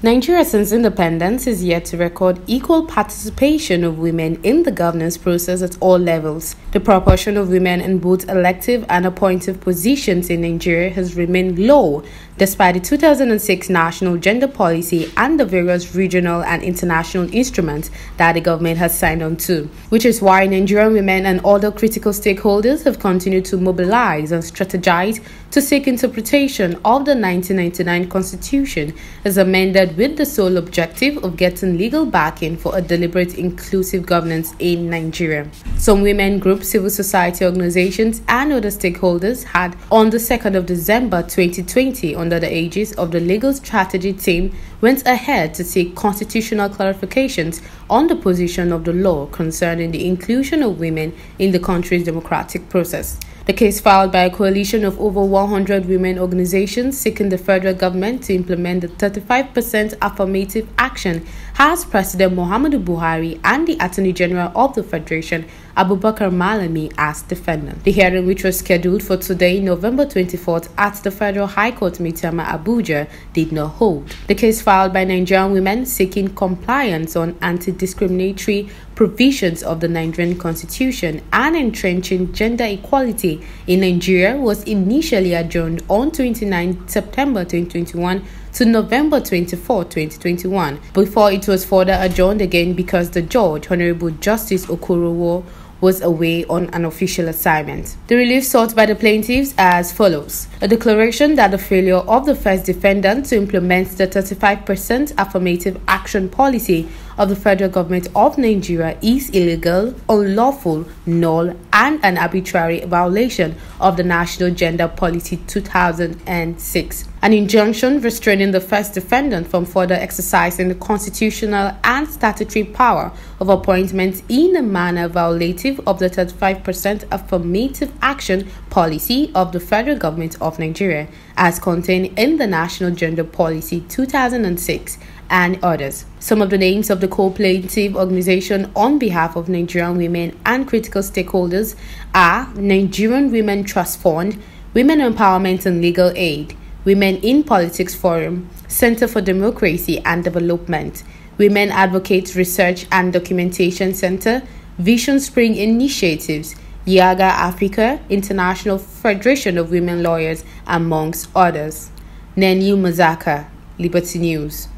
Nigeria since independence is yet to record equal participation of women in the governance process at all levels. The proportion of women in both elective and appointive positions in Nigeria has remained low Despite the 2006 national gender policy and the various regional and international instruments that the government has signed on to, which is why Nigerian women and other critical stakeholders have continued to mobilize and strategize to seek interpretation of the 1999 Constitution as amended with the sole objective of getting legal backing for a deliberate inclusive governance in Nigeria. Some women groups, civil society organizations, and other stakeholders had on the 2nd of December 2020 on under the aegis of the Legal Strategy Team went ahead to seek constitutional clarifications on the position of the law concerning the inclusion of women in the country's democratic process. The case filed by a coalition of over 100 women organizations seeking the federal government to implement the 35% affirmative action has President Muhammadu Buhari and the Attorney General of the Federation, Abubakar Malami, as defendants. The hearing, which was scheduled for today, November 24th, at the Federal High Court Mitama Abuja, did not hold. The case filed by Nigerian women seeking compliance on anti discriminatory provisions of the Nigerian Constitution and entrenching gender equality in Nigeria was initially adjourned on 29 September 2021 to November 24, 2021, before it was further adjourned again because the judge, Honorable Justice Okorowo, was away on an official assignment. The relief sought by the plaintiffs as follows a declaration that the failure of the first defendant to implement the 35% affirmative action policy of the federal government of Nigeria is illegal, unlawful, null, and an arbitrary violation of the National Gender Policy 2006 an injunction restraining the first defendant from further exercising the constitutional and statutory power of appointment in a manner violative of the 35% affirmative action policy of the federal government of Nigeria, as contained in the National Gender Policy 2006 and others. Some of the names of the co-plaintiff organization on behalf of Nigerian women and critical stakeholders are Nigerian Women Trust Fund, Women Empowerment and Legal Aid, Women in Politics Forum, Center for Democracy and Development, Women Advocates Research and Documentation Center, Vision Spring Initiatives, Yaga Africa, International Federation of Women Lawyers, amongst others. Nenyu Mazaka, Liberty News.